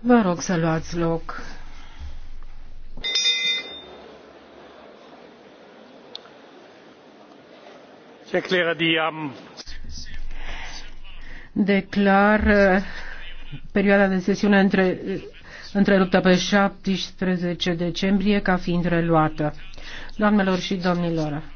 Vă rog să luați loc. am Declar uh, perioada de sesiune între, întreruptă pe 17 decembrie ca fiind reluată. Doamnelor și domnilor,